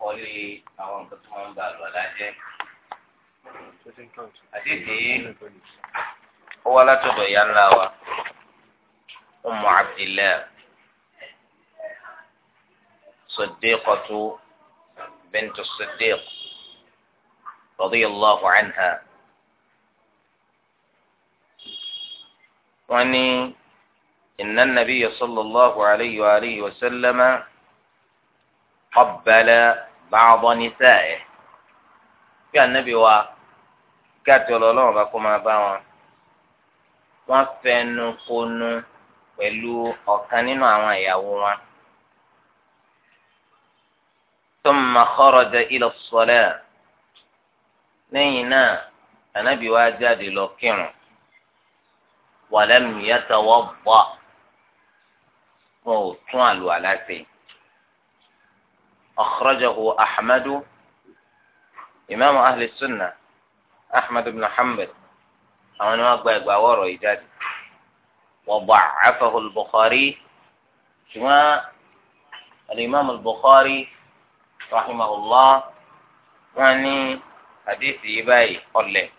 àkọlé àwọn nǹkan tó máa ń ba àlùwàlá jẹ́. àdéhìí ó wá látọ̀dọ̀ ìyá ńlá wa Ummu Abdillah Siddiqatu bintu Siddiq radiyallahu anha. wọ́n ní إن النبي صلى الله عليه وآله وسلم قبل báwọn ní sẹ́ẹ̀ bí ànábì wa kí àti ọlọ́run bá kó máa bá wọn wọ́n fẹnu konu pẹ̀lú ọ̀kan nínú àwọn ìyàwó wọn. ثم خرج إلى الصلاة lẹ́yìn náà ànábì wa jáde lọ kírun walam yatawadda wọn ò tún àlùwàlá ṣe. أخرجه أحمد إمام أهل السنة أحمد بن حنبل أو نوقع بأوره إيجاد وضعفه البخاري شما الإمام البخاري رحمه الله واني حديث يباي قل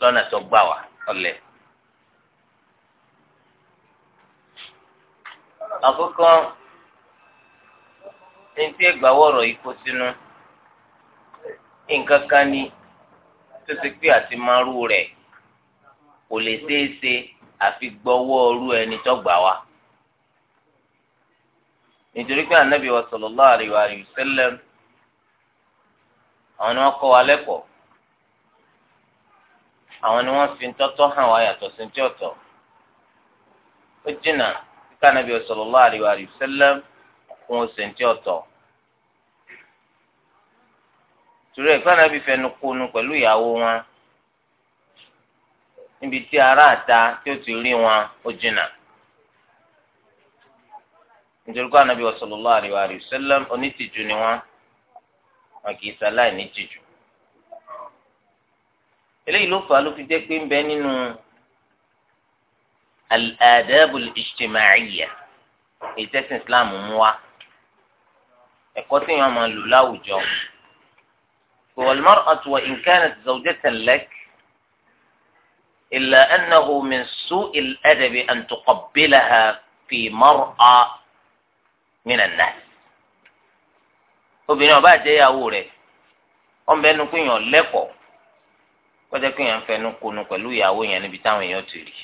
لنا تبوا قل أقولكم ẹni tí ìgbàwọ̀rọ̀ yìí kó sínú nǹkan kan ni tó ti pé àti márù kò lè ṣeé àfi gbọ́wọ́ ọrú ẹni tó nítorí pé wa sallallahu alaihi wa sallam àwọn ni wọn kọ́ wa lẹ́kọ̀ọ́ àwọn ni wọn fi tọ́tọ́ hàn wá yàtọ̀ sí ti o ó jìnnà kíkà wa wa wọn ò ọ̀tọ̀ torí ẹ̀ka nàbí fẹnu kunu pẹ̀lú ìyàwó wọn níbi tí ará àta tí ó ti rí wọn ó jìnnà nítorí anabi onítìjú ni wọn wọn kì í sáláì nítìjú eléyìí ló fà á ló al èyí tẹ́sán islam mú ẹ̀kọ́ tí yẹn máa lò láwùjọ. والمرأة وإن كانت زوجة لك إلا أنه من سوء الأدب أن تقبلها في مرأة من الناس obìnrin ọba àjẹyàwó rẹ̀ wọn bẹnu kó yàn lẹ́kọ̀ọ́ kọjá kó yàn fẹnu konu pẹ̀lú ìyàwó yẹn níbi táwọn èèyàn ti rí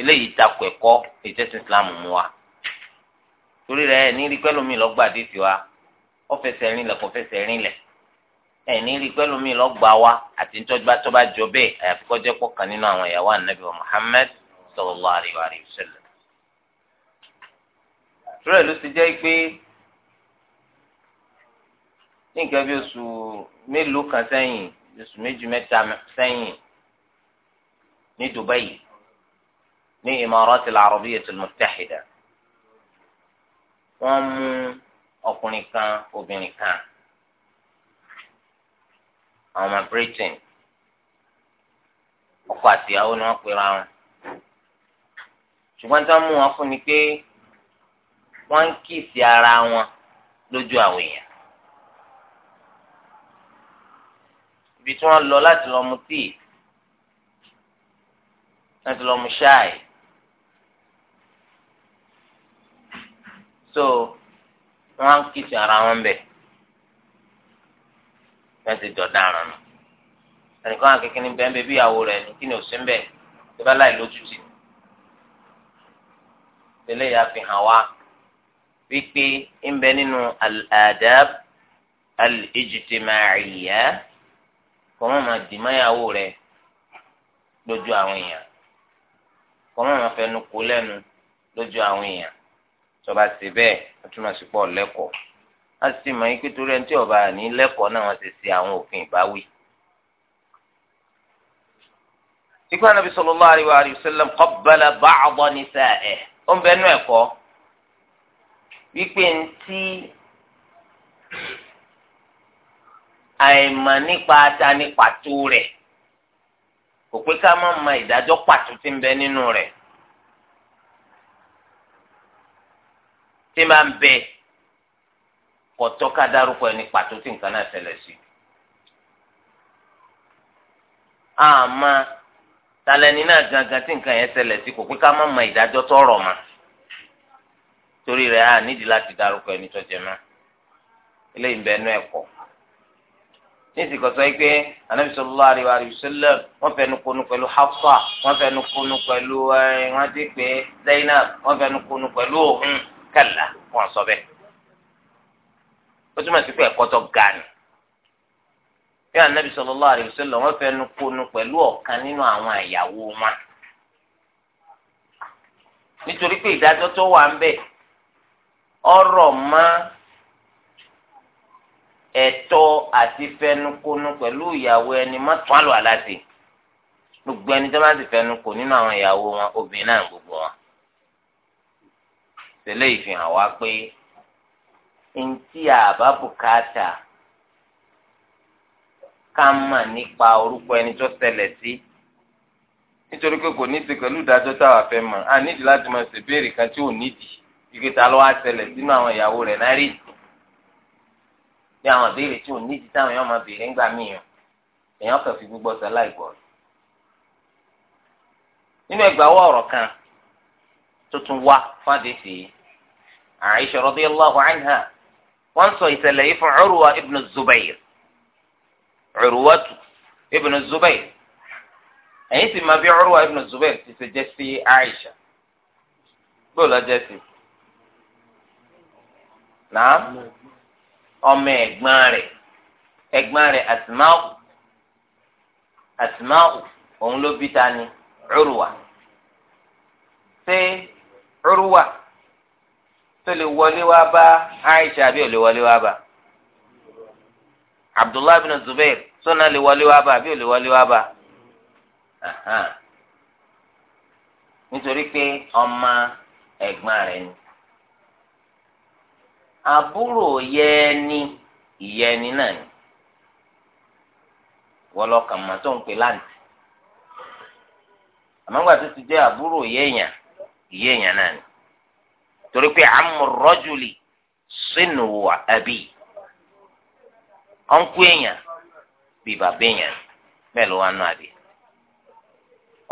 eléyìí takò ẹ̀kọ́ ètò ìsìlámù mu wa torí rẹ ẹ ní rí pẹlúmi lọgbà dé tiwa ọfẹsẹ rin lẹ kọfẹsẹ rin lẹ ẹ ní rí pẹlúmi lọgbà wa àti ntọ́júbá tó bá jọ bẹ́ẹ̀ àyàfi kọjá pọ̀ kan nínú àwọn ìyàwó ànábì wa Muhammad sallallahu alayhi wa sallam. torí ẹ ló ti jẹ́ pé ní nǹkan bí oṣù mélòó kan sẹ́yìn oṣù méjì mẹ́ta sẹ́yìn ní Dubai ní Imaratil Arabiyatil Muttahida wọ́n mú ọkùnrin kan obìnrin kan àwọn ọmọ Britain ọkọ àtìyàwó ni wọ́n pera wọn ṣùgbọ́n tí wọ́n mú wọn fún ni pé wọ́n ń kíìsì ara wọn lójú àwọn èèyàn. ibi tí wọ́n lọ láti lọ mu tíì láti lọ mu ṣáì so wọn ń kìsì ara wọn bẹ wọn ti dọdá ara nù ẹnìkan akékin ní bẹ́ẹ̀ bí ìyàwó rẹ̀ ní kí ni òsín bẹ́ẹ̀ tó bá láì lójútì tẹ́lẹ̀ yà fi hàn wá wípé ń bẹ nínú al-adab al-ijtima'iyya kọ́mọ́ máa dì má ìyàwó rẹ̀ lójú àwọn èèyàn kọ́mọ́ máa fẹnu kó lẹ́nu lójú àwọn èèyàn tọba ṣe bẹ́ẹ̀ wọ́n túmọ̀ sí pọ̀ lẹ́kọ̀ọ́ a sì mọ̀ yín pé torí ẹni tí ọba ní lẹ́kọ̀ọ́ náà wọ́n ti ṣe àwọn òfin ìbáwí. sikun anabi sallallahu alayhi wa alihi wa sallam qabbala ba'da nisa'ihi ó ń bẹ nú ẹ̀kọ́ wípé ntí àìmọ̀ nípa ata ní pàtó rẹ̀ kò pé ká má mọ̀ ìdájọ́ pàtó tí ń bẹ nínú rẹ̀ tí máa ń bẹ kọ̀tọ́ ká dárúkọ ẹni pàtó tí nǹkan náà ṣẹlẹ̀ sí. àmọ́ talẹ́ni náà gangan tí nǹkan yẹn ṣẹlẹ̀ sí kò pé ká má mọ ìdájọ́ tọrọ mà torí rẹ̀ á nídìí láti dárúkọ ẹni tó jẹ mọ́ eléyìí ń bẹ ẹnu ẹ̀kọ́ nísìkọ̀sọ́ yìí pé anabi sallallahu alaihi wa sallam wọ́n fẹnu kunu pẹ̀lú Hafsa wọ́n fẹnu kunu pẹ̀lú ẹ̀ wọ́n ti pè Zainab wọ́n kunu pẹ̀lú òun kàlà wọn sọ bẹ́ẹ̀ ó túmọ̀ sí pé ẹ̀kọ́ tó ga ni bí anabi sallallahu alaihi wasallam wọn fẹnu kónú pẹ̀lú ọ̀kan nínú àwọn àyàwó wọn nítorí pé ìdájọ́ tó wà ń bẹ ọ̀rọ̀ mọ́ ẹ̀tọ́ àti fẹnukonu pẹ̀lú ìyàwó ẹni má tún àlọ aláṣẹ gbogbo ẹni tó bá ti fẹnukò nínú àwọn ìyàwó wọn obìnrin náà gbogbo wọn tẹ́lẹ̀ ìfihàn wa pé ntí àbá bùkátà ká mà nípa orúkọ ẹni tó ṣẹlẹ̀ sí nítorí pé kò ní ti pẹ̀lú ìdájọ́ táwa fẹ́ mọ̀ á nídìí láti máa ṣèbéèrè kan tí ò nídìí ike ta ló wá ṣẹlẹ̀ sínú àwọn ìyàwó rẹ̀ náà rí bí àwọn ìbéèrè tí ò nídìí táwọn èèyàn máa béèrè ńgbà míyàn èèyàn kàn fi gbogbo ọ̀sẹ̀ láìpọ̀ nínú ẹgbàá ọ̀rọ̀ kan tó tún wá fún àdéhìí Aisha radiyallahu anha wọ́n sọ ìṣẹ̀lẹ̀ yìí fún ibn Zubair Urwa ibn Zubair ẹ̀yin sì máa bí Urwa ibn Zubair ti ṣe jẹ́ sí Aisha bóòlù ọjọ́ sí náà ọmọ ẹ̀gbọ́n rẹ̀ ẹ̀gbọ́n rẹ̀ Asma'u Asma'u òun ló bí ta ni Urwa ṣé Urwa. tó wọlé wá Aisha àbí ò wọlé wá Abdullahi bin Zubair sọ́nà lè wọlé wá bá àbí ò wọlé wá bá nítorí pé ọmọ ẹ̀gbọ́n rẹ̀ ni àbúrò yẹni ìyẹni náà ni wọlọkàn mà tó ti jẹ́ àbúrò náà torí pé àmú rọ́júlì sínú àbí ọ̀nkú èèyàn bíi bàbá èèyàn bẹ́ẹ̀ ló wà nù àbí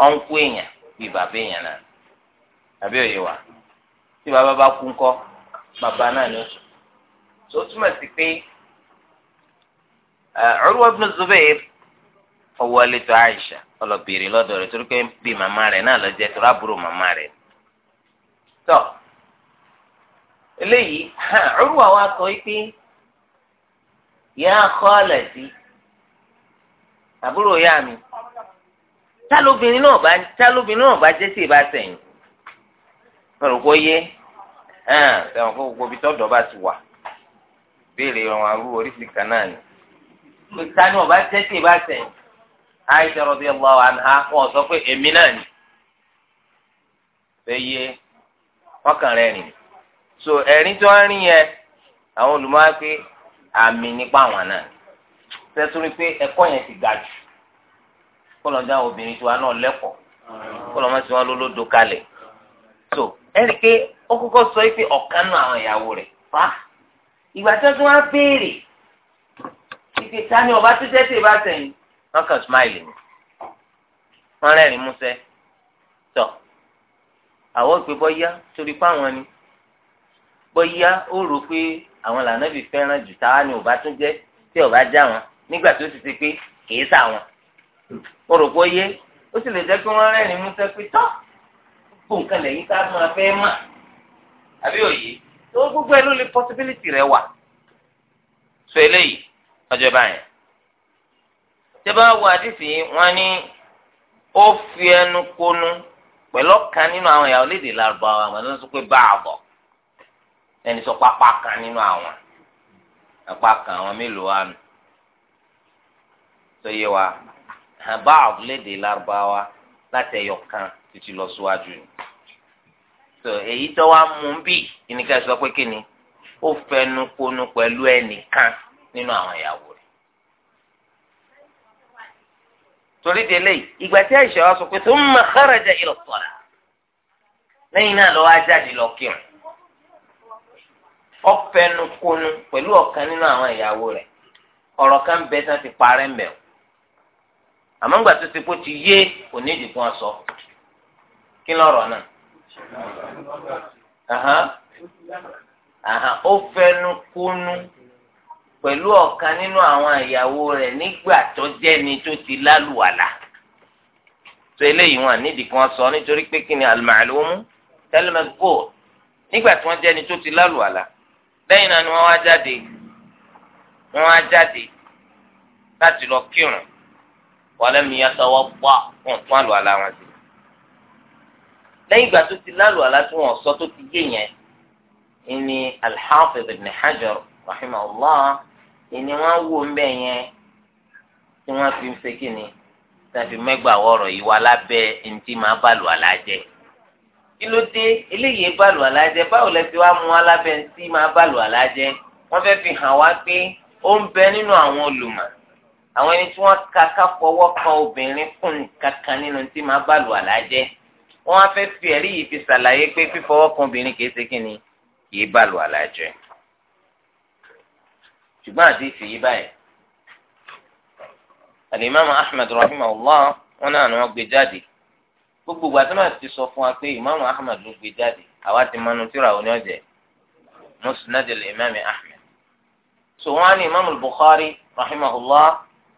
ọ̀nkú èèyàn bíi bàbá èèyàn náà àbí òye wa tí bàbá bá kú ńkọ́ bàbá Aisha ọlọ́bìnrin lọ́dọ̀ rẹ̀ torí pé bíi màmá rẹ̀ náà lọ jẹ́ torí àbúrò màmá rẹ̀ tọ́. So, eléyìí ọrùn àwọn akọ yìí pé yà á kọ́ ọ̀lẹ̀ sí àbúrò yá mi tálóbìnrin náà bá tálóbìnrin náà bá jẹ́ sí ìbá sẹ̀yìn lọ́rọ̀ kó yé sẹ́wọ̀n kó gbogbo ibi tọ́dọ̀ bá ti wà béèrè ọ̀run arú oríṣi kan náà ni pé tani ọba jẹ́ sí ìbá sẹ̀yìn Aisha radiyallahu anha wọn sọ pé èmi náà ni fẹ́ yé wọn kàn rẹ̀ nìyí so ẹ̀rín tí wọ́n rí yẹn àwọn olùmọ̀ọ́ pé àmì nípa àwọn náà sẹ́sórí pé ẹ̀kọ́ yẹn ti ga jù kó lọ́ọ́ dáhùn obìnrin tiwa náà lẹ́kọ̀ọ́ kó lọ́ọ́ má ti wọn lólódo kalẹ̀ so ẹ̀rí pé ó kọ́kọ́ sọ pé ọ̀kan náà àwọn ìyàwó rẹ̀ fa ìgbà tí wọ́n ti wá béèrè ìpè tani ọba tó jẹ́ tèbá sẹ́yìn wọ́n kàn smile ni wọ́n rẹ́rìn-ín músẹ́ tọ́ àwọn ìpè yá torí pé àwọn ni bóyá ó rò pé àwọn lànàbì fẹ́ràn jù táwa ni ò bá tún jẹ́ tí ò bá já wọn nígbà tó ti ti pé kìí sà wọn. ó rò pé ó yé ó sì lè jẹ́ pé wọ́n rẹ́rìn-ín mú sẹ́pẹ́ tọ́ kó nǹkan lẹ́yìn ká máa fẹ́ mà àbí òye tó gbogbo ẹ ló lè possibility rẹ wà. sọ eléyìí ọjọ́ báyìí tẹ́ bá wo àdìsí wọn ní ó fi ẹnu kónú pẹ̀lú ọ̀kan nínú àwọn ìyàwó lédè lárúbáwá àwọn ẹ̀dọ́ sọ pé bá a bọ̀ ẹni sọ pápá kan nínú àwọn apá kan àwọn mélòó wa nù tó yé wa àbá àbúlédè lárúbáwá láti ẹyọ kan títí lọ síwájú ni tó èyí tó wá mú bí ìníkà sọ pé kíni ó fẹnu konu pẹ̀lú ẹnìkan nínú àwọn ìyàwó rẹ̀ torí délé ìgbà tí àìsàn wa sọ pé tó ń mọ kárajà ìlọsọ̀rà lẹ́yìn náà lọ́wọ́ á jáde lọ kírun ọfẹnukunu pẹ̀lú ọ̀kan nínú àwọn ìyàwó rẹ̀ ọ̀rọ̀ kan bẹ tán ti parẹ́ mbẹ o àmọ́ ńgbà tó ti kó ti yé òní ìdìbò wọn sọ kí lọ́rọ̀ náà aha aha ó fẹnukunu pẹ̀lú ọ̀kan nínú àwọn ìyàwó rẹ̀ nígbà tó jẹ́ni tó ti lálùwàlà tó eléyìí wọn nídìí kan sọ nítorí pé kí ni al-ma'lumu kal-madhkur nígbà tí wọ́n jẹ́ni tó ti lálùwàlà. lẹ́yìn náà ni wọ́n wá jáde wọ́n wá jáde láti lọ kírun mi yá sọ́wọ́ wá wọn tún àlọ́ àlá wọn sí. lẹ́yìn ìgbà tó ti lálù àlá tí wọ́n sọ tó ti yé yẹn ìní al ibn Hajar rahimahullah ìní wọ́n wò ń bẹ̀ yẹn tí fi ń ṣe kí ni tàbí kí ló dé eléyìí bàlù alájẹ báwo lẹ fi wá mú alábẹ́ntì máa bàlù alájẹ wọ́n fẹ́ fi hàn wá pé ó ń bẹ nínú àwọn olùmọ̀ àwọn ẹni tí wọ́n ka ká fọwọ́ kan obìnrin fún kankan nínú tí máa bàlù alájẹ wọ́n á fẹ́ fi ẹ̀rí yìí fi ṣàlàyé pé fífọwọ́ kan obìnrin kìí ṣe kí ni kìí bàlù alájẹ ṣùgbọ́n àdìsí yìí báyìí alimami ahmed rahimahullah wọn náà ni wọ́n gbé jáde gbogbo ìgbà tó máa ti sọ fún wa pé ìmáàmù ahmed ló gbé jáde àwa ti mọnu tíra òní ọ̀jẹ̀ musnad al-imami ahmed so wọn á ní ìmáàmù bukhari rahimahullah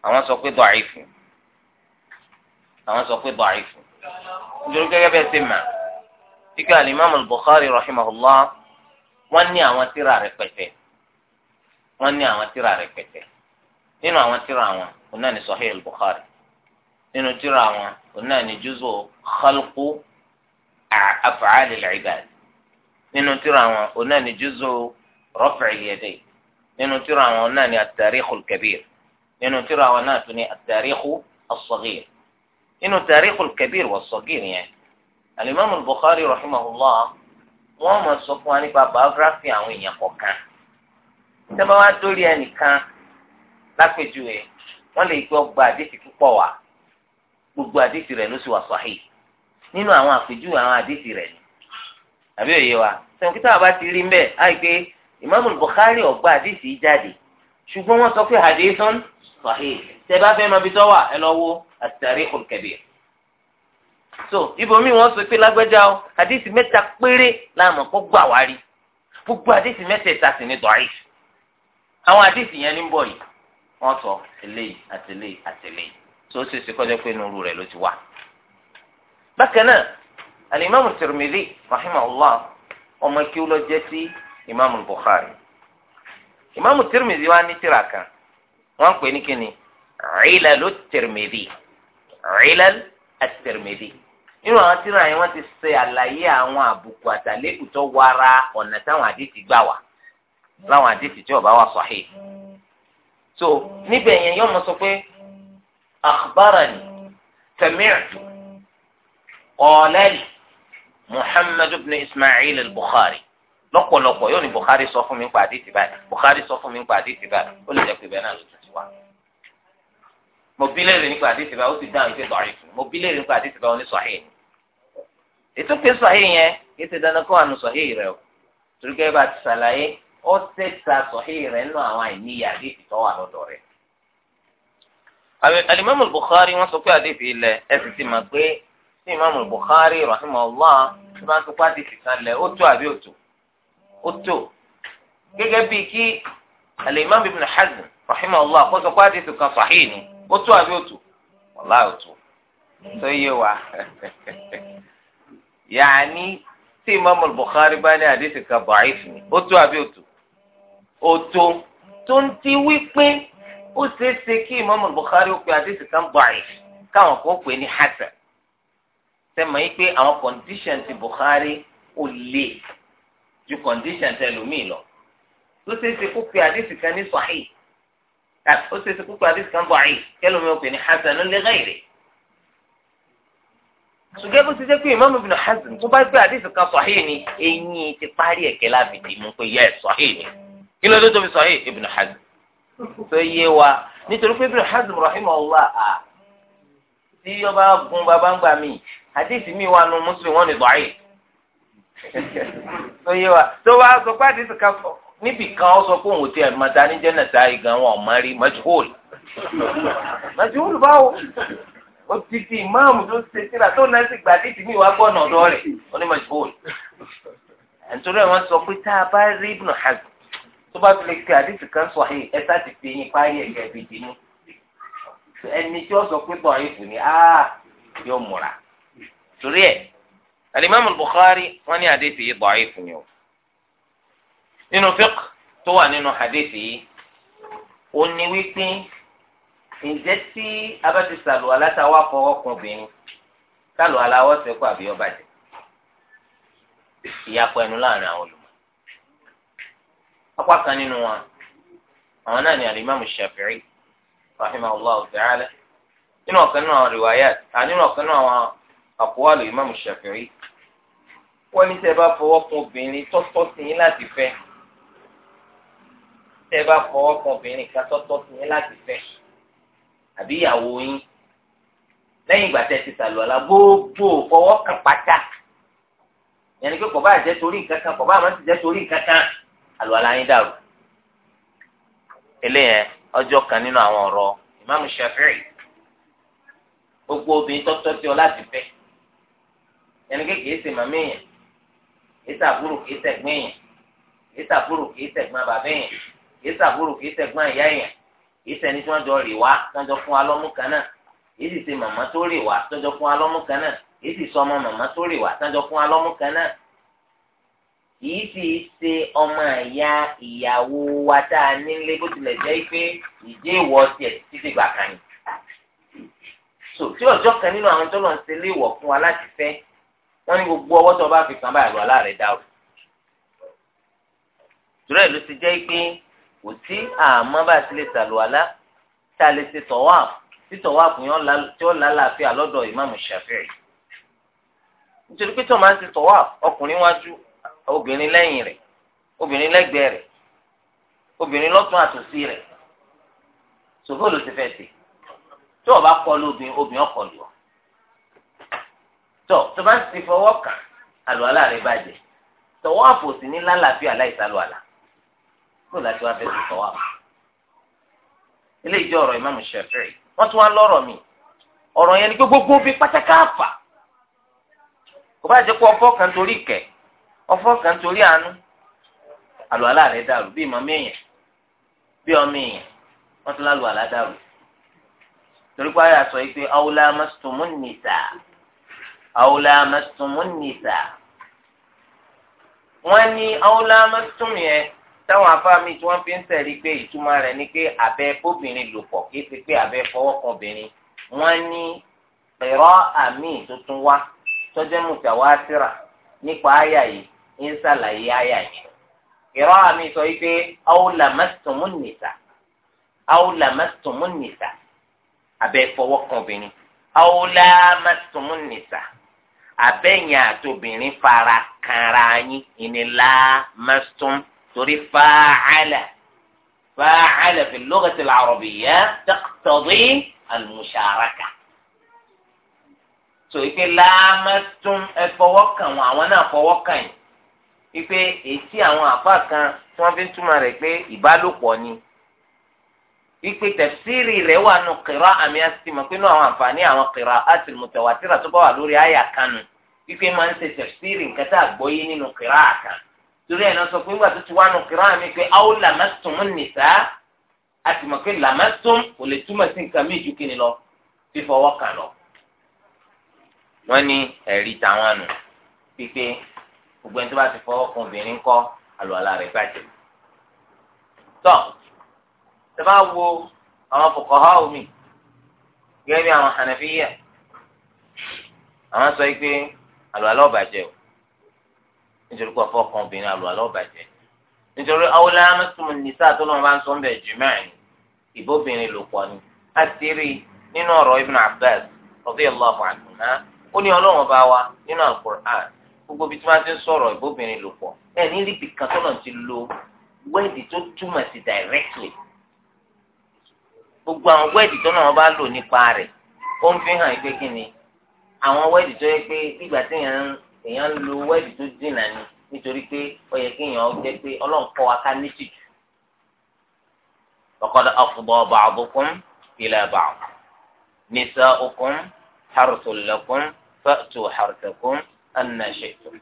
àwọn sọ pé dọ̀ọ̀ìfù àwọn sọ pé dọ̀ọ̀ìfù nítorí gẹ́gẹ́ bẹ́ẹ̀ ṣe mà kíkọ́ alimami bukhari rahimahullah wọ́n ní àwọn tíra rẹpẹtẹ wọ́n ní àwọn tíra rẹpẹtẹ nínú àwọn tíra wọn òun náà ní sahih al-bukhari nínú tírà wọn òun náà ní juz'u khalqu af'al al-ibad nínú tírà wọn òun náà ní juz'u raf'i al-yaday nínú tírà wọn òun náà ní at-tarikh al-kabir nínú tírà wọn náà tún ní at-tarikh as-saghir nínú at-tarikh al-kabir was-saghir yẹn al-imam al wọn mọ sọ fún wa nípa biography àwọn èèyàn kọ̀ọ̀kan tẹ́lẹ̀ wá dórí ẹnìkan lápèjúwe wọ́n lè gbọ́ gba àdéhìí púpọ̀ wá gbogbo àdìsí rẹ̀ ló sì wà sọ́hì nínú àwọn àpèjú àwọn àdìsí rẹ̀ ni àbí òye wa sẹ̀ǹkítà àbá ti rí mbẹ́ àìpé ìmáàmù Bukhari ọ̀gbà àdìsí jáde ṣùgbọ́n wọ́n sọ pé hadithun sọ́hì tẹ́ bá fẹ́ mọ ibi ẹ lọ wo at-Tarikhul so ibòmí wọn sọ pé lágbájá o àdìsí mẹ́ta péré láàmú kó gbà wá rí gbogbo àdìsí mẹ́tẹ̀ẹ̀ta sì ni dọ̀ọ́ìf àwọn àdìsí yẹn ní tó ṣe ṣe kọjá pé nuru rẹ̀ ló ti wà. bákan náà alimami Tirmidhi rahimahullah ọmọ kí ó lọ jẹ́ sí imaamu Bukhari imaamu Tirmidhi wa ní tírà kan wọ́n ń pè ní kíni ilalu Tirmidhi ilal at-Tirmidhi nínú àwọn tírà yẹn wọ́n ti ṣe àlàyé àwọn àbùkù àtàlẹ́kù tó wara ọ̀nà táwọn àdìtì gbà wá láwọn àdìtì tí ó bá wà sahih so níbẹ̀ yẹn yọ́n mọ̀ sọ pé. أخبرني سمعت قال لي محمد بن إسماعيل البخاري lọ́pọ̀lọpọ̀ yóò ní Bukhari sọ fún mi nípa àdìsí báyìí Bukhari sọ fún mi nípa àdìsí báyìí ó lè jẹ́ pé bẹ́ẹ̀ náà ló ti wá. mo bí léèrè nípa àdìsí báyìí ó sì dáhùn ìfẹ́ dọ̀rí fún mo bí léèrè nípa àdìsí báyìí ó ní sọ̀hí. ètò pé sọ̀hí yẹn kì í ṣe dandan kó àánú sọ̀hí rẹ o torí gẹ́gẹ́ bá ti ṣàlàyé ó tẹ̀sà sọ̀hí rẹ nínú àwọn àìníyà àdìsí tó wà lọ́dọ̀ rẹ̀ alimami bukhari wọn sọ pé àdéhùn ilẹ ẹsì ti mà pé sí imami bukhari rahimahullah tó bá ń sọ pé àdéhùn kan lẹ ó tó àbí ó tó ó tó gẹ́gẹ́ bíi kí alimami ibn hazm rahimahullah kó sọ pé àdéhùn kan sahih ni ó tó àbí ó tó wàlá ó tó tó yé wa yaani tí imami bukhari bá ní àdéhùn kan da'if ni ó tó àbí ó tó ó tó tó ń ti wí pé ó ṣeé ṣe kí Imam Bukhari ó pe àdéhùn kan da'if káwọn kan pè ní hasan sẹ́mọ̀ yìí pé àwọn condition ti Bukhari ó le ju condition ti lọ ó ṣeé ṣe kó pe àdéhùn kan ní sahih ó ṣeé ṣe kó pe àdéhùn kan da'if kẹlòmíì ó pè ní hasan li ghairi ṣùgbọ́n bó ti jẹ́ pé Imam Ibn Hazm tó bá gbé àdìsí kan sahih ni eyín ti parí ẹ̀kẹ́ láfi dì mú pé yẹ sahih ni kí ló dé tó fi sahih Ibn tó yé wa nítorí pé Ibn Hazm rahimahullah à tí ọba gun bàbá ń gbà mí àdéhìí mi wà nù mùsùlùmí wọn ni dọ̀ọ́yì tó yé wa tó wá sọ pé àdéhìí kan fọ níbì kan ó sọ pé òun ti ẹ̀mọ́ta ní jẹ́nẹ̀ta ìgan wọn ọ̀mọ́ rí mẹ́tíhóòlù mẹ́tíhóòlù báwo ó ti di ìmáàmù tó ṣe síra tó náà sì gbà títí mi wá gbọ́nà ọ̀dọ́ rẹ̀ ó ní mẹ́tíhóòlù. ẹ̀ńtọ́rọ̀ wọn sọ pé tá a bá rí Ibn Hazm tó bá tilẹ̀ kí àdìsí kan sọ yìí ẹ sáà ti fi yín páyé ẹ̀gẹ́ ibi dínú ẹni tí ó sọ pé bọ̀ ayé fò ní áà yóò múra torí ẹ̀ alimami Bukhari wọn ní àdìsí yìí bọ̀ ayé fò ní o nínú fiqh tó wà nínú àdìsí yìí ó ní wípé ǹjẹ́ tí abájú sàlùwà látàwọn afọwọ́ sàlùwà láwọ́ sẹ́kù àbí ọbàjẹ́ ìyapọ̀ ẹnu láàrin àwọn olùkọ́ apá kan nínú wọn àwọn náà ni alimami shafi'i rahimahullahu ta'ala nínú ọ̀kan nínú àwọn riwayat nínú ọ̀kan nínú àwọn àkọwálù imam shafi'i wọ́n ní tẹ́ bá fọwọ́ kan obìnrin tọ́tọ́ sí yín láti fẹ́ tẹ́ bá fọwọ́ kan obìnrin kan tọ́tọ́ sí yín láti fẹ́ àbí ìyàwó yín lẹ́yìn ìgbà tẹ́ ti sàlùwàlá gbogbo fọwọ́ kan pátá yẹn ni pé kò bá torí nǹkan kan kò àmọ́ ti jẹ́ torí nǹkan kan. àlùwàlá yín dàrú eléyẹn ọjọ́ kan nínú àwọn ọ̀rọ̀ imam shafiri gbogbo obìnrin tọ́tọ́ sí ọ láti fẹ́ ẹni kékeré ṣe màmí èèyàn kìí kìí sẹ̀gbọ́n èèyàn kìí kìí bàbá kìí ìyá tí wọ́n jọ wá fún wa lọ́mú kan náà sì wa lọ́mú kìí sì ṣe ọmọ ìyá ìyàwó wa tá a nílé bó tilẹ̀ jẹ́ pé ìdí ìwọ tiẹ̀ títí gbà kan yìí. so tí ọjọ́ kan nínú àwọn tó lọ ń ṣe lé ìwọ̀ fún wa láti fẹ́ wọ́n ní gbogbo ọwọ́ tó bá fi kàn bá àlọ́ aláàrẹ̀ dá o. ìtura ìlú ti jẹ́ pé kò sí àmọ́ bá a ti lè sàlùwàlá tá a lè ṣe tọ̀wáàfù tí tọ̀wáàfù yẹn tí ó lálàáfíà lọ́dọ̀ ìmáàmù Ṣàfi'í. nítorí pé tó máa ń ṣe tọ̀wáàfù ọkùnrin wájú obìnrin lẹ́yìn rẹ̀ obìnrin lẹ́gbẹ̀ẹ́ rẹ̀ obìnrin lọ́tún àtòsí rẹ̀ ṣòfò ló ti fẹ́ ṣe tó o bá kọlu obìnrin obìnrin ọkọlù ọ tó tó bá ti fọwọ́ kàn àlùhàlà rẹ̀ bàjẹ́ tọwọ́ àfòsí ní lálàáfíà láìsàlùhàlà kó láti wá fẹ́ ṣe tọwọ́ àfò ilé ìjọ ọ̀rọ̀ ìmáàmù Ṣáfi'í wọ́n tún wá lọ́rọ̀ mi ọ̀rọ̀ yẹn ni pé gbogbo bí pátákà fà kò bá jẹ́ pé ọ̀fọ̀ kan torí ìkẹ́ ọfọ kan torí àánú àlùwàlá rẹ̀ dàrú bí ìmọ̀ mẹ́yìn bí ọmọ èèyàn wọ́n ti lálùwàlá dàrú torí pé àyà sọ pé awolá mẹsùtùmù nìta awolá mẹsùtùmù nìta wọ́n ní awolá mẹsùtùmù yẹn táwọn afáàmì tí wọ́n fi ń tẹ̀lé pé ìtumọ̀ rẹ̀ ni pé abẹ bóbìnrin lò pọ̀ kí ti pé abẹ fọwọ́ kan obìnrin wọ́n ní pẹ̀rọ àmì tuntun wá tọ́jẹ́ mùtàwá síra nípa àyà yìí ń ṣàlàyé àyà yẹn ìrọ àmì sọ wípé awùlà mẹsùnmù nìta awùlà mẹsùnmù nìta abẹ fọwọ́ kan obìnrin awùlà mẹsùnmù nìta abẹ́yìn àtòbìnrin fara kanra yín ìnìlá mẹsùn torí fàáhálà fàáhálà fi lókàtí làrọ̀bìyà tẹ̀kítọ́dé àlùmùsàràkà so ife láàmẹ́tún ẹ fọwọ́ àwọn náà fọwọ́ kàn wípé ètí àwọn àpá kan tí wọ́n fi ń túmọ̀ rẹ̀ pé ìbálòpọ̀ ni wípé tẹ̀síìrì rẹ̀ wà nù kìrọ̀ àmì àsìmọ̀ pé nù àwọn àǹfààní àwọn kìrọ̀ àti mùtẹ̀wàtìrà tó bá wà lórí àyà kanu wípé máa ń ṣe tẹ̀síìrì nǹkan tá a gbọ́ yé nínú kìrọ̀ àkàn torí ẹ̀ náà sọ pé nígbà tó ti wá nù kìrọ̀ àmì pé àwọn làmásùmù nìta àti pé làmásùm kò lè túmọ̀ sí nǹkan mí ju kíni lọ fífọwọ́ kàn lọ. wọ́n ní ẹ̀rí tàwọn nù wípé gbogbo ẹni tó bá ti fọwọ́ kan obìnrin kọ́ àlùwàlá rẹ̀ bàjẹ́. tọ́ ṣe bá wo àwọn fuqaha omi gẹ́gẹ́ bí àwọn hànàfíyà àwọn sọ pé àlùwàlá ò bàjẹ́ o nítorí pé ọ̀fọ́ kan obìnrin àlùwàlá ò bàjẹ́ nítorí awolá mẹ́tùmù nìsá tó lọ́n bá ń sọ ń bẹ̀ jù mẹ́rin ìbóbìnrin ló pọ̀ ni a ti rí nínú ọ̀rọ̀ Ibn Abbas radiyallahu anhuma ó ní ọlọ́run bá wa nínú al gbogbo ibi tí wọ́n ti ń sọ̀rọ̀ ìbóbìnrin lò pọ̀ ẹ̀ ní ríbi kan tọ́nà ti lo wẹ́ẹ̀dì tó túmọ̀ sí directly gbogbo àwọn wẹ́ẹ̀dì tọ́nà wọn bá lò nípa rẹ̀ ó ń fi hàn pé kí ni àwọn wẹ́ẹ̀dì tó yẹ pé nígbà tí èèyàn ń lo wẹ́ẹ̀dì tó dìnnà ni nítorí pé ó yẹ kí èèyàn jẹ́ pé ọlọ́run kọ́ wa ká ní tìjú laqad afḍā baʿḍukum ilā baʿḍ nisā'ukum ḥarthun lakum fa'tū ḥarthakum أن شئتم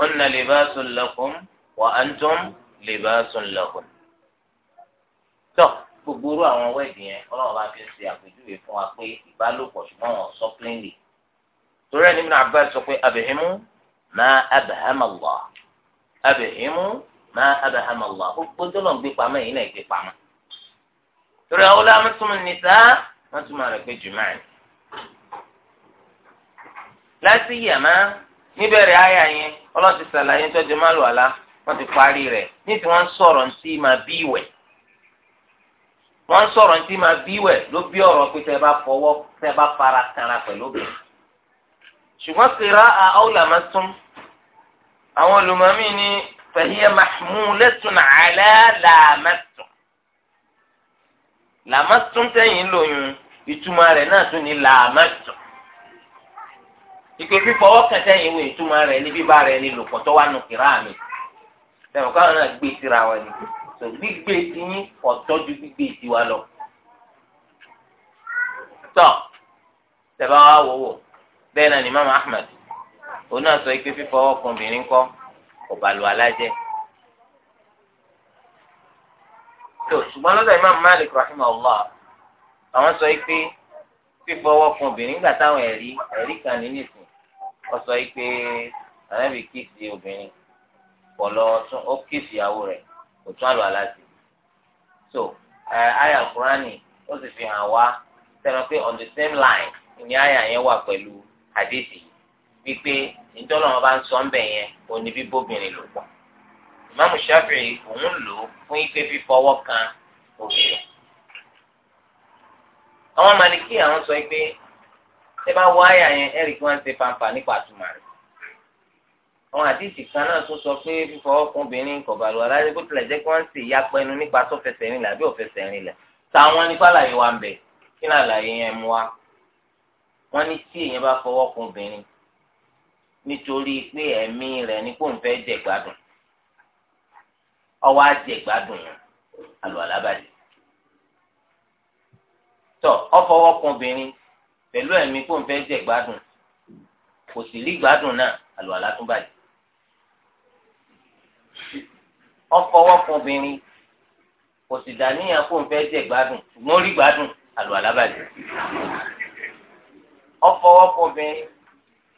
أن لباس لكم وأنتم لباس لهم tọ gbogbo irú àwọn wẹ́ẹ̀dì yẹn ọlọ́run bá fi ń ṣe àpèjúwe fún wa pé ìbálòpọ̀ ṣùgbọ́n wọn sọ plainly torí ẹni Ibn Abbas sọ pé abẹ́hìmú máa abẹ́hàmàlá abẹ́hìmú máa abẹ́hàmàlá gbogbo tó lọ́n gbé pamọ́ yìí náà gbé pamọ́ torí àwọn olóòmùsùn nìta wọ́n túmọ̀ rẹ̀ pé jùmọ̀ ẹ̀ láti yàmá níbẹ̀rẹ̀ àyà yẹn ọlọ́run ti sàlàyé tọ́jú má lò àlá wọ́n ti parí rẹ̀ ní tí wọ́n ń sọ̀rọ̀ ntí máa bí ìwẹ̀ wọ́n ń sọ̀rọ̀ ntí máa bí ìwẹ̀ ló bí ọ̀rọ̀ pé tẹ́ bá fọwọ́ tẹ́ bá fara kanra pẹ̀lú bẹ̀. ṣùgbọ́n kira àwòlà máa tún àwọn olùmọ̀mí ni fẹ̀yẹ́ mahmulatun ala làmẹ́tún làmẹ́tún tẹ̀yìn lóyún ìtumọ̀ rẹ̀ náà tún ní làmẹ́tún ìpè fífọwọ́ kàn sẹ́yìn ìwé ìtumọ̀ rẹ̀ ní bíbá rẹ̀ ní lòpọ̀ tó wà nù kíra mi sẹ́wọ̀n káwọn náà gbé síra wọn ni tó gbígbé ti yín ọ̀tọ̀ ju gbígbé ti wa lọ. tọ́ sẹ́bà wa wò wò bẹ́ẹ̀ náà ni mama ahmed òun náà sọ ìpè fífọwọ́ kan obìnrin kọ́ ọ̀bàlù alájẹ́. tó ṣùgbọ́n lọ́dọ̀ imam malik rahimahullah àwọn sọ ìpè fífọwọ́ kan obìnrin nígbà táwọn ẹ̀rí ẹ̀rí kan ní nìsín wọ́n sọ yìí pé ànábì kíìsì obìnrin kọ̀ lọ tún ó kíìsì ìyàwó rẹ̀ kò tún àlọ́ aláṣẹ. so àyà kúránì ó sì fi hàn wá sẹ́nu pé on the same line ni àyà yẹn wà pẹ̀lú hadithi wípé ìjọba wọn bá ń sọ ń bẹ̀ yẹn òní bí bóbìnrin lò pọ̀. ìmáàmù Ṣáfi'í òun lò ó fún ife fífọwọ́ kan obìnrin. àwọn Màlíkì àwọn sọ pé tẹ bá wọ àyà yẹn ẹ̀rí kí wọ́n ṣe fanfa nípa àtúmọ̀ rẹ̀ àwọn àdìsí kan náà tó sọ pé fífọwọ́ kún obìnrin kò bá lọ aláṣẹ bó tilẹ̀ jẹ́ kí wọ́n sì ya pẹnu nípa sọ́fẹsẹ̀ rìn lẹ̀ àbí òfẹsẹ̀ rìn lẹ̀ táwọn nípa àlàyé wa ń bẹ kí náà àlàyé yẹn mú wa wọ́n ní tí èèyàn bá fọwọ́ kún obìnrin nítorí pé ẹ̀mí rẹ̀ ní kó ń fẹ́ jẹ gbádùn ọwọ́ á jẹ gbádùn àlọ́ alábàdì tọ́ ọ fọwọ́ kún obìnrin pẹ̀lú ẹ̀mí kó n fẹ́ jẹ gbádùn kò sì rí gbádùn náà àlùwàlá tún bàjẹ́. ọkọ wọ́pọ̀bìnrin kò sì dàníyàn kó n fẹ́ jẹ gbádùn ṣùgbọ́n rí gbádùn àlùwàlá bàjẹ́. ọkọ wọ́pọ̀bìnrin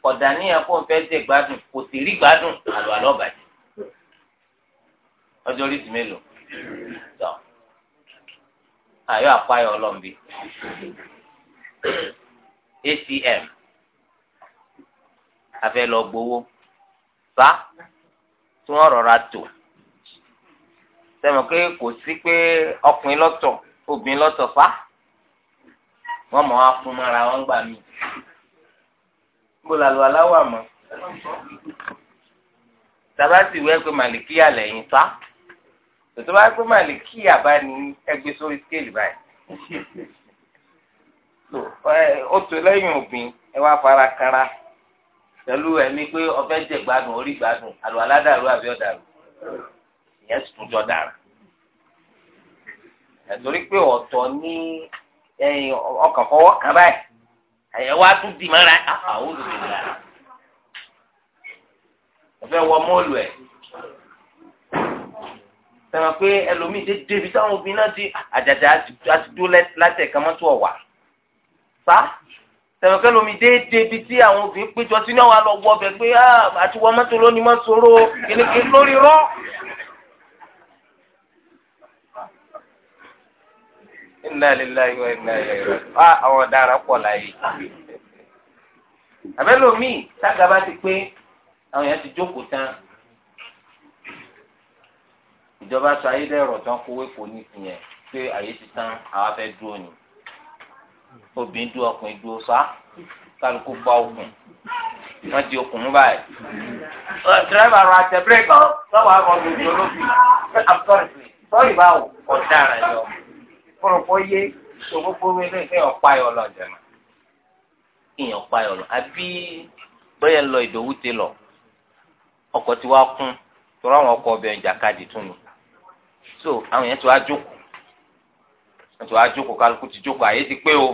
kò dàníyàn kó n fẹ́ jẹ gbádùn kò sì rí gbádùn àlùwàlá bàjẹ́. ọjọ́ orí ti mélòó? àyọ̀ àpáyọ̀ ọlọ́mbi. ATM afẹ́ lọ gbowó fa tí wọ́n rọra tò sẹ́mi pé kò sí pé ọkùnrin lọ́tọ̀ obìnrin lọ́tọ̀ fa wọ́n mọ̀ wá fún mọ́ra wọn gbà mí níbo làlọ́ aláwọ̀ àmọ́ tabasi wẹ́ pé màlìkíyà lẹ́yìn fa tòtò bá pé màlìkíyà bá ní ẹgbẹ́ sórí skéèlì báyìí so ẹ ó tó lẹ́yìn òbí ẹ wá fara kanra pẹ̀lú ẹ̀mí pé ọ̀fẹ́ jẹ gbádùn orí gbádùn àlọ́ aládàrú àbí ọ̀dàrú ìyẹn sì tún jọ dàrú ẹ̀tọ́rí pé ọ̀tọ̀ ní ọkàn fọwọ́ kan báyìí ẹ̀yẹ wá tún dì mọ́ra àwọn olùdíje ọ̀fẹ́ wọ mọ́ọ̀lù ẹ̀ sẹ́wọ̀n pé ẹlòmíì dé débi táwọn obìnrin náà ti àjàjà àti dúró látẹ̀ kan mọ́tò ọ̀wà fa tẹ̀wọ̀kẹ́ lomi déédéé bi tí àwọn obìnrin péjọ sí ní àwọn alọ́wọ́ ọbẹ̀ pé ah, àti wọ́n mọ́tò lónìí má sọ̀rọ̀ kìnnìkì lórí rọ́. inna lillahi wa inna ilayhi raji'un ah, àwọn ọ̀daràn pọ̀ láyé. àbẹ́lòmíì tága bá ti pé àwọn èèyàn ti jókòó tán ìjọba sọ ayédèrò tán kówé kò ní tìyẹn pé àyè ti tán àwa fẹ́ dúró ni obìnrin dúró ọkùnrin dúró sá kálukú bá okùn wọn di okùn mú báyìí. dírẹ́bà rọ àtẹ bírèkì sọ́wọ́ àwọn olùdí olóbì sọ́ọ̀rì báwo ọ̀daràn yọ fọlọ́fọ́ yé gbogbo ilé ìyàn payọ̀ lọ jẹ̀mọ́ ìyàn payọ̀ lọ àbí bẹ́ẹ̀ lọ ìdòwú ti lọ ọkọ̀ tí wàá kún tọ́lá àwọn ọkọ̀ ọbẹ̀ ìjàkadì tún ni so àwọn yẹn ti wá jókòó ètò àjòkò kálukú ti jókòó àyè ti pé o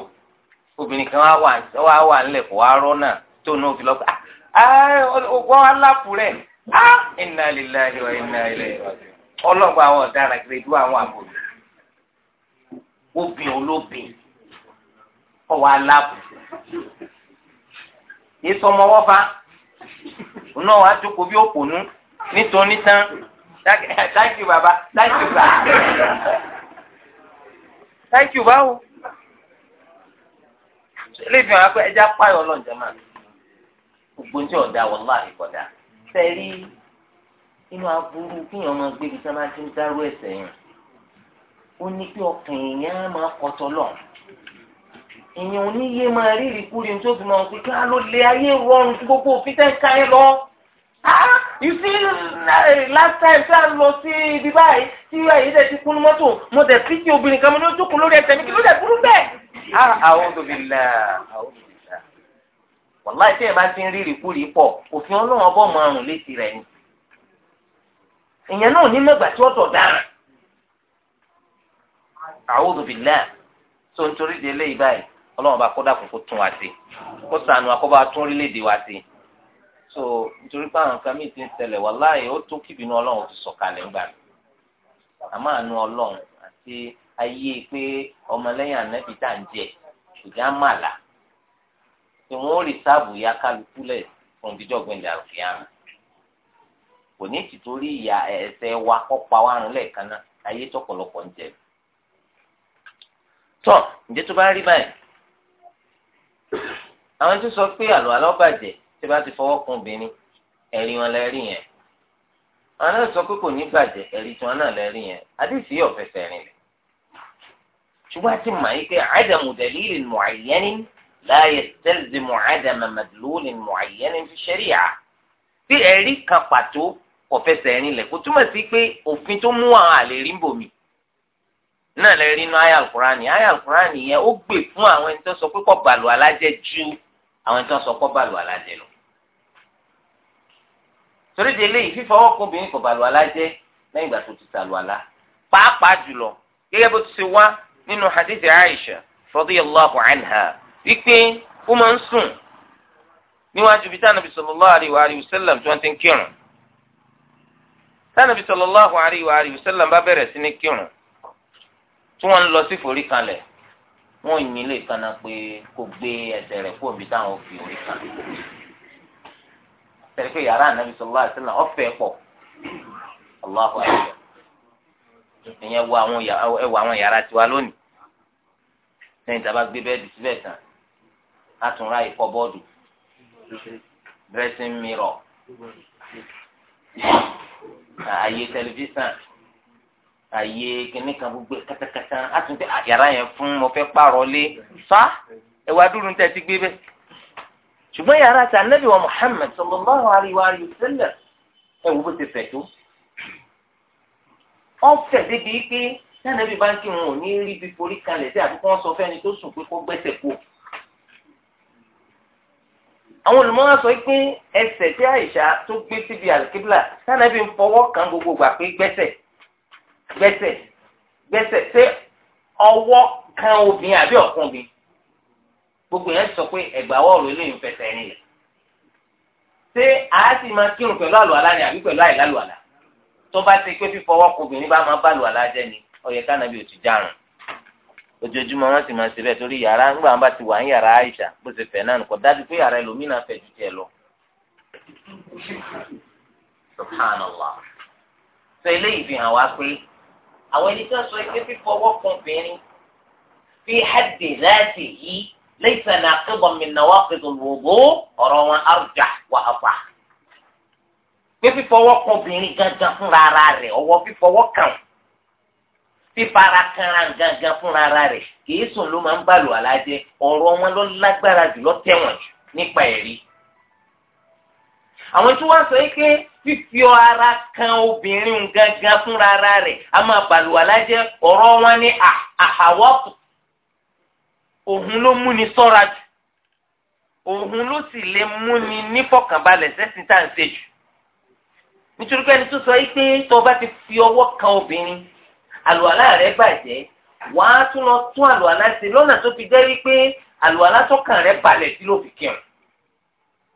obìnrin kan wá wà ńlẹ̀ kó wá rọ́ náà tó náà fi lọ́kọ́ wọ́n wá lápù rẹ̀ ah, inna lillahi wa inna ilayhi ọlọ́gbọ́n àwọn ọ̀daràn kiri dúró àwọn àbòrò obìn olóbìn ọwọ́ aláàbò yìí sọmọ wọ́n fa òun náà wàá jókòó bí òpònú nítorí tán táìkì bàbá táìkì bàbá thank you báwo ilé ìfihàn wa pé ẹja páyọ ọlọ́njẹ́ máa gbogbo ní ọ̀dà wọlá ìkọ̀dà sẹ́rí inú aburú kíyàn máa gbé ibi tí wọ́n máa ti ń dárú ẹ̀sẹ̀ yẹn ó ní kí ọkàn èèyàn á máa kọtọ lọ èèyàn oníyé máa rí ìrìkúri tó fi máa ń pè kí á ló lé ayé rọrùn gbogbo òfin tẹ́ ń ká yẹn lọ you see eh, last time tí a lọ sí ibi báyìí tí ẹ̀yìn tẹ̀ ti kún mọ́tò mo tẹ̀ fi ti obìnrin kan mo ní ojú kun lórí ẹsẹ̀ mi kí ló dẹ̀ burú bẹ́ẹ̀. àwọn tóbi la àwọn tóbi la wàláì tí ẹ bá ti ń rí ìrìkúrì pọ̀ òfin ọlọ́run ọbọ̀ mọ àrùn létí rẹ̀ ni ìyẹn náà ní mẹ́gbà tí ó tọ̀ dára àwọn tóbi la tó ń torí de eléyìí báyìí ọlọ́run bá kó dàkún kó tún wa sí kó sànù akọ́bá tún orílẹ̀-èdè wa sí. so nítorí pé àwọn kan mi ti ń ṣẹlẹ̀ wàláhì ó tó kíbinú ọlọ́run ti sọ̀kalẹ̀ ńgbà mi àmọ́ àánú ọlọ́run àti ayé pé ọmọlẹ́yìn ànábì tá à ń jẹ ìjà màlà tí ya kálukú fún wa kọpa náà ayé ń jẹ. tí bá ti fọwọ́ kun obìnrin ẹ̀rí wọn lẹ́rí yẹn wọn náà sọ pé kò ní bàjẹ́ ẹ̀rí tí wọn náà lẹ́rí yẹn àdìsí ọ̀fẹ́fẹ́ rìn lẹ̀ ṣùgbọ́n a ti mọ̀ yìí pé àdàmù dalilin mu'ayyanin la yastalzimu àdàmù madlulin mu'ayyanin fi sharia bí ẹ̀rí kan pàtó ọ̀fẹ́sẹ̀ rìn lẹ̀ kò túmọ̀ sí pé òfin tó mú àwọn àlè rí ń bòmí náà lè inú àyà alukurani àyà alukurani yẹn ó gbè fún àwọn ẹni tó sọ pé kọ́ bàlù alájẹ ju àwọn ẹni tó sọ kọ́ bàlù alájẹ lọ torí di eléyìí fífọwọ́ kóbìnrin kò bàlùwàlá jẹ́ lẹ́yìn ìgbà tó ti tàlùwàlá pàápàá jùlọ gẹ́gẹ́ bó ti ṣe wá nínú hadithi Aisha radiyallahu anha wípé ó máa ń sùn níwájú bíi tánàbí sallallahu alayhi wa sallam tí wọ́n ti ń kírun tánàbí sallallahu alayhi wa sallam bá bẹ̀rẹ̀ sí ní kírun tí wọ́n ń lọ sí forí kanlẹ̀ wọ́n yìn lè kanna pé kò gbé ẹsẹ̀ rẹ̀ kó omi táwọn fi orí kan tẹ̀lé pé yàrá ànábi sọlá àti náà ọ̀fẹ́ pọ̀ Allahu akbar ìyẹn wo àwọn ẹwà àwọn yàrá tiwa lónìí lẹ́yìn tí a bá gbé bẹ́ẹ̀dì síbẹ̀ tán a tún ra ìkọ́ bọ́ọ̀dù dressing mirror ààyè tẹlifíṣàn ààyè kìnnìkan gbogbo kátàkátà a yàrá yẹn fún mo fẹ́ lé fa ẹwà dúró ń tẹ́ ti gbé bẹ́ẹ̀ ṣùgbọ́n yàrá ti anabi wa muhammed sallallahu alayhi wa sallam ẹ wo bó ti fẹ̀ tó wọ́n fẹ̀ débi pé sanabi báńkì wọn ò ní rí bí forí kalẹ̀ sí àbúkọ́ wọn sọ fẹ́ni tó sùn pé kó gbẹ́sẹ̀ kú àwọn olùmọ̀ràn sọ pé ẹsẹ̀ tí àyíṣà tó gbé síbi àlùkíbìlà sanabi ń fọwọ́ kan gbogbo gbà pé gbẹ́sẹ̀ gbẹ́sẹ̀ gbẹ́sẹ̀ ṣé ọwọ́ kan obìnrin àbí ọ̀kan gbogbo yẹn sọ pé ẹgbàáwọ ọ̀rọ̀ eléyìí ń fẹsẹ̀ ẹni lẹ ṣé àásì máa kírun pẹ̀lú àlùwàlá ni àbí pẹ̀lú àìlálùwàlá tó bá ti pé fífọwọ́ kọ obìnrin bá máa bá àlùwàlá jẹ ni ọyẹ kánàbí ò ti járun ojoojúmọ́ wọn sì máa ṣe bẹ́ẹ̀ torí yàrá ńgbà wọn bá ti wà ń yàrá àìsà bó ṣe fẹ́ náà nìkan dájú pé yàrá ẹlòmínà fẹ́ ju tiẹ̀ lọ. subhanallah sọ eléyìí fi hàn wá pé àwọn ẹni tó sọ pé fífọwọ́ kan ليس ناقضا من نواقض الوضوء ọ̀rọ̀ wọn arjah wà afa pé fífọwọ́ ara rẹ̀ ọwọ́ kan fífara ara rẹ̀ kìí sùn ló máa ń bàlù alájẹ ọ̀rọ̀ wọn àwọn tí wọ́n sọ pé fífi ara kan obìnrin gangan fúnra ara a máa bàlù alájẹ ọ̀rọ̀ wọn ní òun ló múni sọ́ra jù òun ló sì lè múni nífọ̀kànbalẹ̀ sẹ́sìn tá à ń ṣe jù nítorí pé ẹni tó sọ yìí pé tó bá ti fi ọwọ́ kan obìnrin àlùwàlá rẹ̀ bàjẹ́ wàá tún lọ tún àlùwàlá ṣe lọ́nà tó fi jẹ́ wípé àlùwàlá tó kàn rẹ̀ balẹ̀ sí ló fi kírun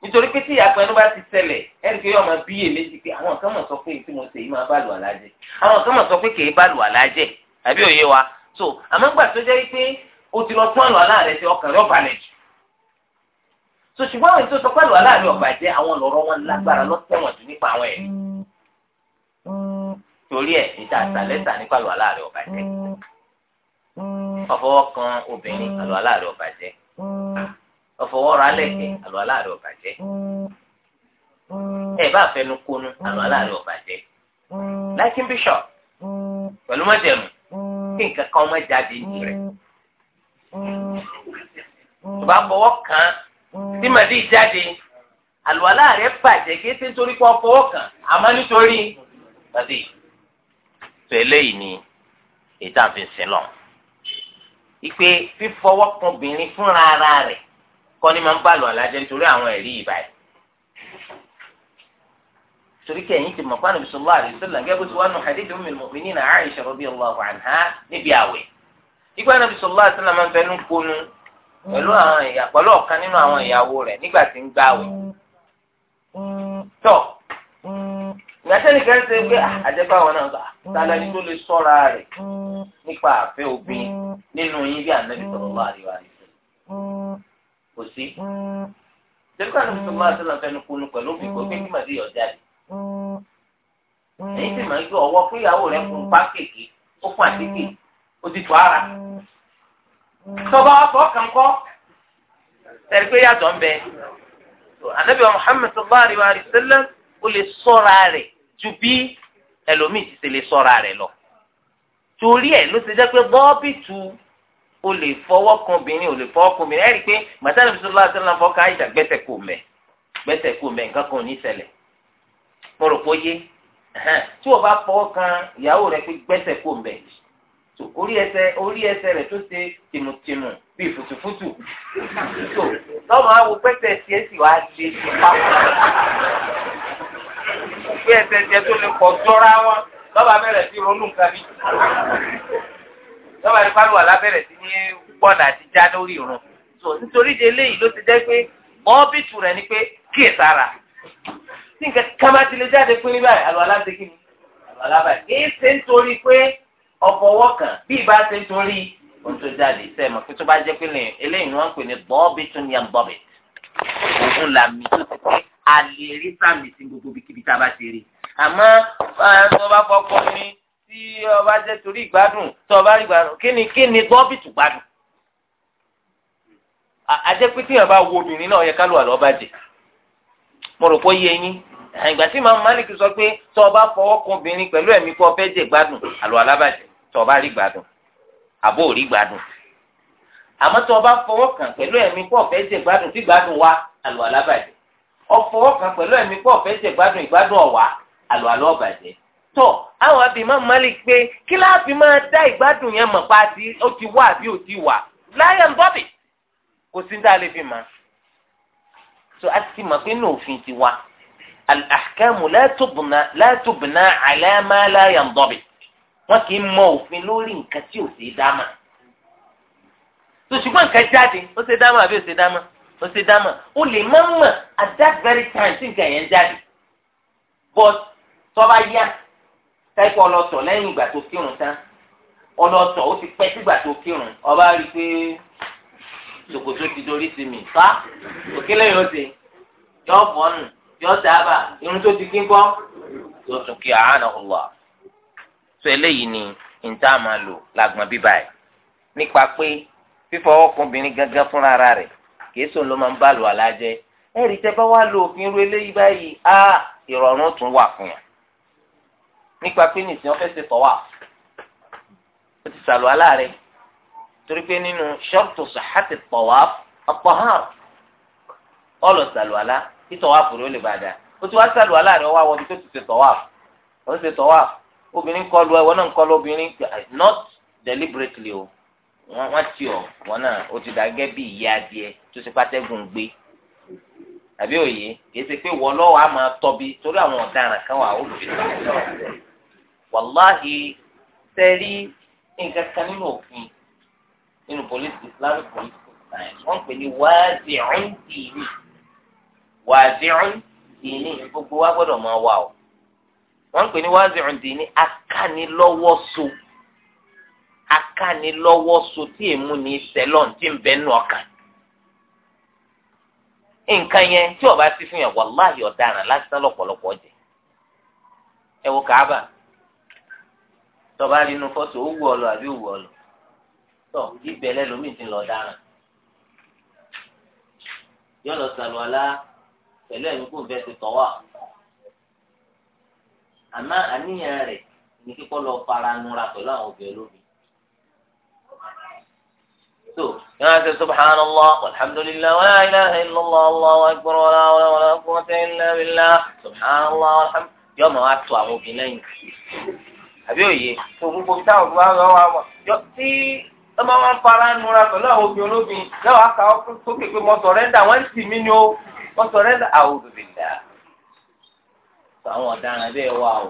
nítorí pé tí ìyàpẹ́ ló bá ti ṣẹlẹ̀ ẹni pé ọmọ bíyè méjì pé àwọn kan mọ̀ sọ pé tí mo ṣe yìí máa bá àlùwàlá jẹ́ àwọn kan mọ̀ sọ pé kì í bá àlùwàlá jẹ́ àbí òye wa so àmọ́ gbà tó jẹ́ wípé o ti lọ tún àlọ́ aláàrẹ ti ọkàn rẹ jù so ṣùgbọ́n àwọn ètò sọ pé àlọ́ aláàrẹ ọ̀bàjẹ́ àwọn lọ́rọ́ wọn lágbára lọ́tẹ̀wọ̀n jù nípa àwọn ẹ̀rí torí ẹ̀ níta àtàlẹ́sà nípa àlọ́ aláàrẹ ọ̀bàjẹ́ ọ̀fọwọ́ kan obìnrin àlọ́ aláàrẹ ọ̀fọwọ́ ra lẹ́kẹ̀ àlọ́ aláàrẹ bá fẹnu kónú àlọ́ aláàrẹ pẹ̀lú mọ́jẹ̀mú kí nǹkan kan jáde ní rẹ̀. tó bá fọwọ́ kàn án tí mm. màdí jáde àlùwàlá rẹ̀ bàjẹ́ kí ẹsẹ̀ nítorí pé ọ fọwọ́ kàn àmọ́ nítorí màdí. tó eléyìí ni ètò àfihàn lọ. ìpè fífọwọ́ kan obìnrin fúnra ara rẹ̀ kọ́ ni máa ń bá àlùwàlá jẹ́ nítorí àwọn ẹ̀rí ìbáyìí torí kí ẹ̀yin ti mọ̀ fún àdùbísọ̀ lọ́wọ́ àdùbísọ̀lá bó ti wá nù hadith ummul mu'minin Aisha radiyallahu anha níbi àwẹ̀. ìgbà àdùbísọ̀ lọ́wọ́ àdùbísọ̀lá máa ń fẹnu kónú pẹ̀lú àwọn ìyá pẹ̀lú ọ̀kan nínú àwọn ìyàwó rẹ̀ nígbà tí ń gbààwẹ̀ tọ̀ ìyàsẹ́ni kan ṣe pé àjẹpá ah, àwọn náà gbà tálẹ́ ní tó lè sọ́ra rẹ̀ nípa àfẹ́ obìnrin nínú yín bí ànábì sallallahu alaihi wasallam kò sí ṣèlú kan níbi sọ̀rọ̀ àti ìlànà kunu pẹ̀lú obìnrin kò gbé kí màdé yọ̀ jáde èyí sì máa ń gbé ọwọ́ fún ìyàwó rẹ̀ fún pákéèké ó fún àtíkè ó ti tù ara tọba afọ kankọ tẹ̀lé pé yàtọ̀ ń bẹ anabi wa muhammed sallallahu alayhi wa sallam ó lè sọ́ra rẹ̀ ju bí ẹlòmíì ti ṣe lè sọ́ra rẹ̀ lọ torí ẹ̀ ló ṣe jẹ́ pé bọ́ọ̀bìtù ó lè fọwọ́ kan obìnrin ó lè fọwọ́ kan obìnrin ẹ̀ rí i pé màtánà bisu allah sallam fọ́ ká ìjà gbẹ́sẹ̀ kò mẹ́ gbẹ́sẹ̀ kò mẹ́ nǹkan kan ò ní ṣẹlẹ̀ mo rò pé ó yé tí o bá fọwọ́ kan ìyàwó rẹ pé gbẹ́sẹ̀ kò mẹ́ so orí ẹsẹ̀ orí tó ṣe tìmùtìmù bíi fùtùfùtù so lọ́mọ àwọn pẹ́sẹ̀ tiẹ̀ sì wá ẹsẹ̀ tiẹ̀ tó lè pọ̀ jọra wọn lọ́ba bẹ̀rẹ̀ sí ronú nǹkan mi lọ́ba ìpàlù wà lábẹ́rẹ̀ sí ní gbọ́dọ̀ àti já lórí ìrun so nítorí de eléyìí ni pé sára nǹkan ti lè jáde ni àlọ́ ọ̀fọwọ́ kan bí ìbá ṣe torí o tó jáde sẹ́mọ̀ pé tó bá jẹ́ pé eléyìí ni wọ́n ń pè ní bọ́ọ̀bì tún ní àbọ̀bì òun là mí tó ti pé a lè rí sàmì sí gbogbo ibikíbi tá a bá ti rí àmọ́ tó bá kọ́kọ́ ní tí ọba jẹ́ torí ìgbádùn tó ọba rí ìgbádùn kí ni kí ni bọ́ọ̀bì tún gbádùn àjẹ́ pé tíyàn bá wo obìnrin náà yẹ ká lù àlọ́ bàjẹ́ mo rò pé yé yín ìgbà tí màmú Málíkì sọ pé tó ọba fọwọ́ kan obìnrin pẹ̀lú ẹ̀mí kó ọ fẹ́ jẹ gbádùn àlọ́ alábàjẹ́ tó o bá rí gbádùn àbó ò rí gbádùn àmọ́ tó o bá fọwọ́ kàn pẹ̀lú ẹ̀mí pọ̀ fẹ́ jẹ gbádùn tí gbádùn wá àlọ́ alábàjẹ́ ọ fọwọ́ kàn pẹ̀lú ẹ̀mí pọ̀ fẹ́ jẹ gbádùn ìgbádùn ọ̀wá àlọ́ alọ́bàjẹ́ tó àwọn abìmọ̀ malik pé kí láàfin máa dá ìgbádùn yẹn mọ̀ pa àti ó ti wá àbí ò ti wà láyé ń bọ́bì kò sí dá lè fi mọ̀ so a ti mọ̀ pé inú òfin ti wá al-ahkamu la tubna la tubna ala ma wọn kì í mọ òfin lórí nǹkan tí ò ṣe é dámà tó ṣùgbọ́n nǹkan jáde ó ṣe dámà àbí ó ṣe dámà ó ṣe dámà ó lè má mọ̀ at that very time tí nǹkan yẹn jáde but tọ́ba yá táìpọ̀ ọlọ́tọ̀ lẹ́yìn ìgbà tó kírun tán ọlọ́tọ̀ ó ti pẹ́ sígbà tó kírun ọba rí i pé ṣòkòtò ti dorí sí mi fa òkèlè yóò ṣe yọ bọ́ọ̀nù yọ sábà irun tó ti kí ń kọ́ yóò kí àánà ọ̀wà so eléyìí ni níta máa lò lágbọn bíbá ẹ nípa pé fífọwọ́ kun obìnrin gangan fúnra ara rẹ̀ kìí sòun ló máa ń bá lò alájẹ ẹ̀rí tẹ́ bá wá lo òfin ru eléyìí báyìí á ìrọ̀rùn tún wà fún yàn nípa pé nìsín ọ́fẹ́ ṣe tọ́wà ó ti sàlù aláàrẹ̀ torí pé nínú ṣọ́ọ̀tù sàhátì tọ̀wá ọ̀pọ̀ hàn ọ̀lọ̀ sàlù alá kí tọ̀wá fúru ó lè bàdà ó ti wá sàlù aláàrẹ̀ ọwọ́ àwọn ibi tó ti ṣe tọ̀wá ó ṣe tọ̀wá obìnrin kọlu ẹ wọn náà kọlu obìnrin not deliberately o wọn ti ọ wọn náà o ti dà gẹ́gẹ́ bí ìyá adìẹ tó ti pátẹ́gùn gbé àbí òye kìí ṣe pé wọ́n lọ́wọ́ á máa tọ́bi torí àwọn ọ̀daràn kan wà olùfisà wàláhì sẹ́rí nǹkan kan nínú òfin nínú police islamic political science wọ́n ń pè ní wáàzì ọ̀hún dìní wáàzì ọ̀hún dìní gbogbo wa gbọ́dọ̀ máa wà o wọ́n ń pè ní wáṣíùn dì ní akánilọ́wọ́so akánilọ́wọ́so tí èmu ní sẹlọ́n tí ń bẹ nù ọkàn nǹkan yẹn tí ó bá fún yàn ọ̀daràn lásán lọ́pọ̀lọpọ̀ jẹ ẹ wo kàábà àbí tọ ti lọ àmọ́ àníyàn rẹ̀ ní kíkọ́ lọ fara nura pẹ̀lú àwọn obìnrin olóbi. so yàrá ṣe subhanallah alhamdulilah wa la ilaha illallah allahu akbar wa la hawla wa la quwwata illa billah subhanallah alhamdulilah yọ ma wá tó àwọn obìnrin lẹ́yìn àbí òye tó gbogbo táwọn ọgbà lọ wà mọ yọ tí ọmọ wọn fara nura pẹ̀lú àwọn obìnrin olóbi náà wà ká sókè pé mo sọ̀rẹ́ndà wọ́n ti mí ni ó mo sọ̀rẹ́ndà àwọn obìnrin dáa. 帮我加来些话。